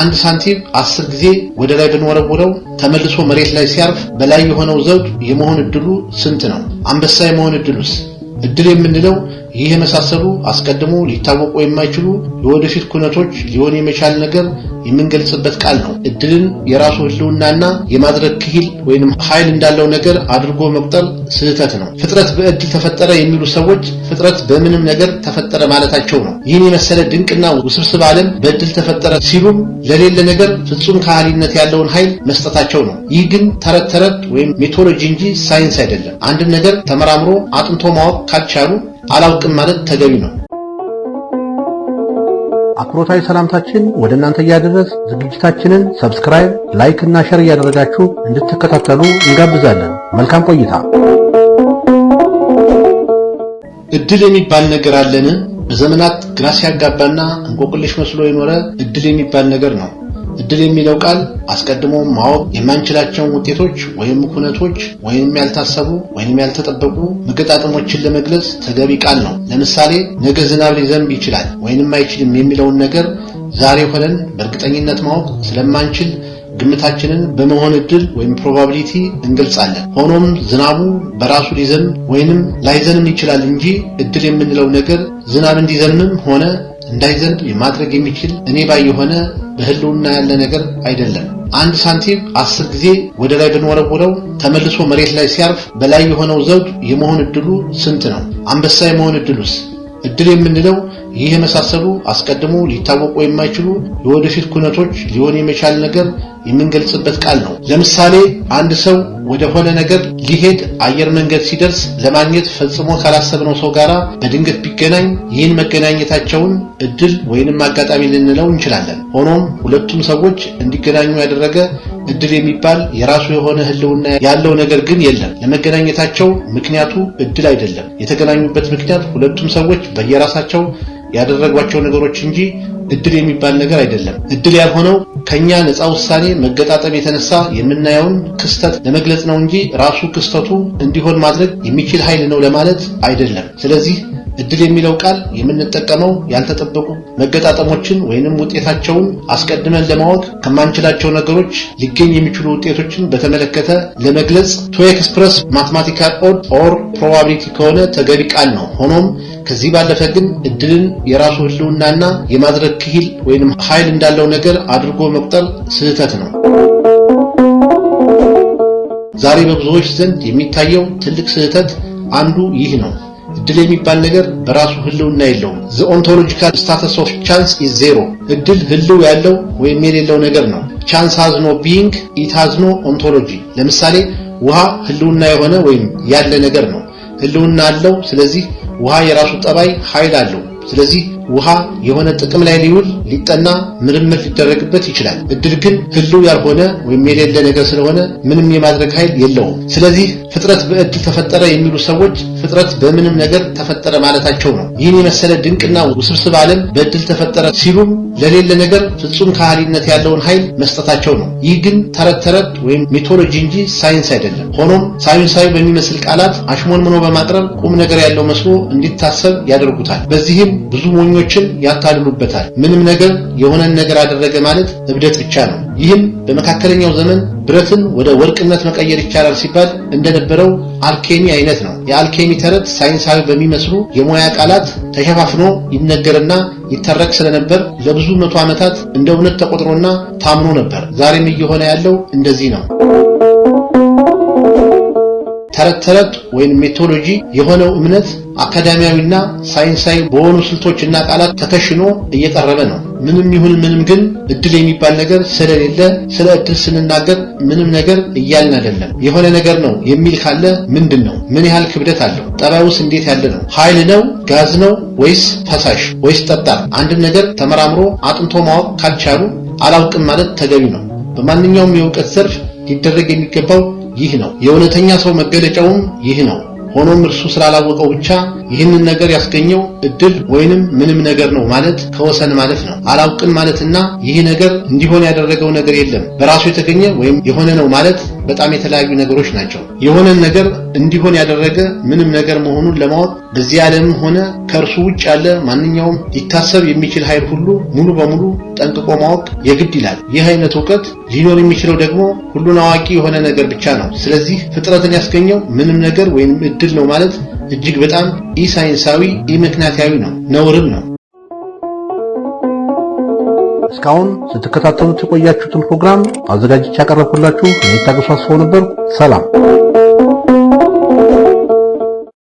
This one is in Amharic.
አንድ ሳንቲም አስር ጊዜ ወደ ላይ ብንወረውረው ተመልሶ መሬት ላይ ሲያርፍ በላይ የሆነው ዘውድ የመሆን እድሉ ስንት ነው? አንበሳ የመሆን እድሉስ? እድል የምንለው ይህ የመሳሰሉ አስቀድሞ ሊታወቁ የማይችሉ የወደፊት ኩነቶች ሊሆን የመቻል ነገር የምንገልጽበት ቃል ነው። እድልን የራሱ ህልውናና የማድረግ ክሂል ወይም ኃይል እንዳለው ነገር አድርጎ መቁጠር ስህተት ነው። ፍጥረት በእድል ተፈጠረ የሚሉ ሰዎች ፍጥረት በምንም ነገር ተፈጠረ ማለታቸው ነው። ይህን የመሰለ ድንቅና ውስብስብ ዓለም በእድል ተፈጠረ ሲሉም ለሌለ ነገር ፍጹም ከሃሊነት ያለውን ኃይል መስጠታቸው ነው። ይህ ግን ተረት ተረት ወይም ሜቶሎጂ እንጂ ሳይንስ አይደለም። አንድን ነገር ተመራምሮ አጥንቶ ማወቅ ካልቻሉ አላውቅም ማለት ተገቢ ነው። አክብሮታዊ ሰላምታችን ወደ እናንተ እያደረስ ዝግጅታችንን ሰብስክራይብ፣ ላይክ እና ሼር እያደረጋችሁ እንድትከታተሉ እንጋብዛለን። መልካም ቆይታ። እድል የሚባል ነገር አለን። በዘመናት ግራ ሲያጋባና እንቆቅልሽ መስሎ የኖረ እድል የሚባል ነገር ነው። እድል የሚለው ቃል አስቀድሞ ማወቅ የማንችላቸውን ውጤቶች ወይም ኩነቶች ወይም ያልታሰቡ ወይም ያልተጠበቁ መገጣጠሞችን ለመግለጽ ተገቢ ቃል ነው። ለምሳሌ ነገ ዝናብ ሊዘንብ ይችላል ወይንም አይችልም የሚለውን ነገር ዛሬ ሆነን በእርግጠኝነት ማወቅ ስለማንችል ግምታችንን በመሆን እድል ወይም ፕሮባቢሊቲ እንገልጻለን። ሆኖም ዝናቡ በራሱ ሊዘንብ ወይንም ላይዘንም ይችላል እንጂ እድል የምንለው ነገር ዝናብ እንዲዘንም ሆነ እንዳይዘንድ የማድረግ የሚችል እኔ ባይ የሆነ በህልውና ያለ ነገር አይደለም። አንድ ሳንቲም አስር ጊዜ ወደ ላይ ብንወረውረው ተመልሶ መሬት ላይ ሲያርፍ በላይ የሆነው ዘውድ የመሆን እድሉ ስንት ነው? አንበሳ የመሆን እድሉስ? እድል የምንለው ይህ የመሳሰሉ አስቀድሞ ሊታወቁ የማይችሉ የወደፊት ኩነቶች ሊሆን የመቻል ነገር የምንገልጽበት ቃል ነው። ለምሳሌ አንድ ሰው ወደ ሆነ ነገር ሊሄድ አየር መንገድ ሲደርስ ለማግኘት ፈጽሞ ካላሰብነው ሰው ጋራ በድንገት ቢገናኝ ይህን መገናኘታቸውን እድል ወይንም አጋጣሚ ልንለው እንችላለን። ሆኖም ሁለቱም ሰዎች እንዲገናኙ ያደረገ እድል የሚባል የራሱ የሆነ ሕልውና ያለው ነገር ግን የለም። ለመገናኘታቸው ምክንያቱ እድል አይደለም። የተገናኙበት ምክንያት ሁለቱም ሰዎች በየራሳቸው ያደረጓቸው ነገሮች እንጂ እድል የሚባል ነገር አይደለም። እድል ያልሆነው ከኛ ነፃ ውሳኔ መገጣጠም የተነሳ የምናየውን ክስተት ለመግለጽ ነው እንጂ ራሱ ክስተቱ እንዲሆን ማድረግ የሚችል ኃይል ነው ለማለት አይደለም። ስለዚህ እድል የሚለው ቃል የምንጠቀመው ያልተጠበቁ መገጣጠሞችን ወይንም ውጤታቸውን አስቀድመን ለማወቅ ከማንችላቸው ነገሮች ሊገኝ የሚችሉ ውጤቶችን በተመለከተ ለመግለጽ ቱ ኤክስፕረስ ማትማቲካል ኦድ ኦር ፕሮባቢሊቲ ከሆነ ተገቢ ቃል ነው። ሆኖም ከዚህ ባለፈ ግን እድልን የራሱ ህልውናና የማድረግ ክሂል ወይም ኃይል እንዳለው ነገር አድርጎ መቁጠር ስህተት ነው። ዛሬ በብዙዎች ዘንድ የሚታየው ትልቅ ስህተት አንዱ ይህ ነው። እድል የሚባል ነገር በራሱ ህልውና የለውም። ዘ ኦንቶሎጂካል ስታተስ ኦፍ ቻንስ ኢዝ ዜሮ። እድል ህልው ያለው ወይም የሌለው ነገር ነው። ቻንስ ሃዝ ኖ ቢይንግ፣ ኢት ሃዝ ኖ ኦንቶሎጂ። ለምሳሌ ውሃ ህልውና የሆነ ወይም ያለ ነገር ነው፣ ህልውና አለው። ስለዚህ ውሃ የራሱ ጠባይ ኃይል አለው። ስለዚህ ውሃ የሆነ ጥቅም ላይ ሊውል ሊጠና ምርምር ሊደረግበት ይችላል። እድል ግን ህልው ያልሆነ ወይም የሌለ ነገር ስለሆነ ምንም የማድረግ ኃይል የለውም። ስለዚህ ፍጥረት በእድል ተፈጠረ የሚሉ ሰዎች ፍጥረት በምንም ነገር ተፈጠረ ማለታቸው ነው። ይህን የመሰለ ድንቅና ውስብስብ ዓለም በእድል ተፈጠረ ሲሉም ለሌለ ነገር ፍጹም ካህሊነት ያለውን ኃይል መስጠታቸው ነው። ይህ ግን ተረት ተረት ወይም ሚቶሎጂ እንጂ ሳይንስ አይደለም። ሆኖም ሳይንሳዊ በሚመስል ቃላት አሽሞንምኖ በማቅረብ ቁም ነገር ያለው መስሎ እንዲታሰብ ያደርጉታል። በዚህም ብዙ ሞኝ ጓደኞችን ያታልሉበታል። ምንም ነገር የሆነን ነገር አደረገ ማለት እብደት ብቻ ነው። ይህም በመካከለኛው ዘመን ብረትን ወደ ወርቅነት መቀየር ይቻላል ሲባል እንደነበረው አልኬሚ አይነት ነው። የአልኬሚ ተረት ሳይንሳዊ በሚመስሉ የሙያ ቃላት ተሸፋፍኖ ይነገርና ይተረክ ስለነበር ለብዙ መቶ ዓመታት እንደ እውነት ተቆጥሮና ታምኖ ነበር። ዛሬም እየሆነ ያለው እንደዚህ ነው። ተረት ተረት ወይም የሆነው እምነት አካዳሚያዊና ሳይንሳዊ በሆኑ ስልቶችና ቃላት ተከሽኖ እየቀረበ ነው። ምንም ይሁን ምንም ግን እድል የሚባል ነገር ስለሌለ ስለ እድል ስንናገር ምንም ነገር እያልን አይደለም። የሆነ ነገር ነው የሚል ካለ ምንድን ነው? ምን ያህል ክብደት አለው? ጠባዩስ እንዴት ያለ ነው? ኃይል ነው? ጋዝ ነው? ወይስ ፈሳሽ ወይስ ጠጣር? አንድን ነገር ተመራምሮ አጥንቶ ማወቅ ካልቻሉ አላውቅም ማለት ተገቢ ነው። በማንኛውም የእውቀት ዘርፍ ሊደረግ የሚገባው ይህ ነው። የእውነተኛ ሰው መገለጫውም ይህ ነው። ሆኖም እርሱ ስላላወቀው ብቻ ይህንን ነገር ያስገኘው እድል ወይንም ምንም ነገር ነው ማለት ከወሰን ማለት ነው። አላውቅም ማለትና ይህ ነገር እንዲሆን ያደረገው ነገር የለም በራሱ የተገኘ ወይም የሆነ ነው ማለት በጣም የተለያዩ ነገሮች ናቸው። የሆነን ነገር እንዲሆን ያደረገ ምንም ነገር መሆኑን ለማወቅ በዚህ ዓለምም ሆነ ከእርሱ ውጭ ያለ ማንኛውም ሊታሰብ የሚችል ኃይል ሁሉ ሙሉ በሙሉ ጠንቅቆ ማወቅ የግድ ይላል። ይህ አይነት እውቀት ሊኖር የሚችለው ደግሞ ሁሉን አዋቂ የሆነ ነገር ብቻ ነው። ስለዚህ ፍጥረትን ያስገኘው ምንም ነገር ወይም እድል ነው ማለት እጅግ በጣም ኢሳይንሳዊ ኢምክንያታዊ ነው፣ ነውርም ነው። እስካሁን ስትከታተሉት የቆያችሁትን ፕሮግራም አዘጋጅቼ ያቀረብኩላችሁ እኔ አስፈው ነበር። ሰላም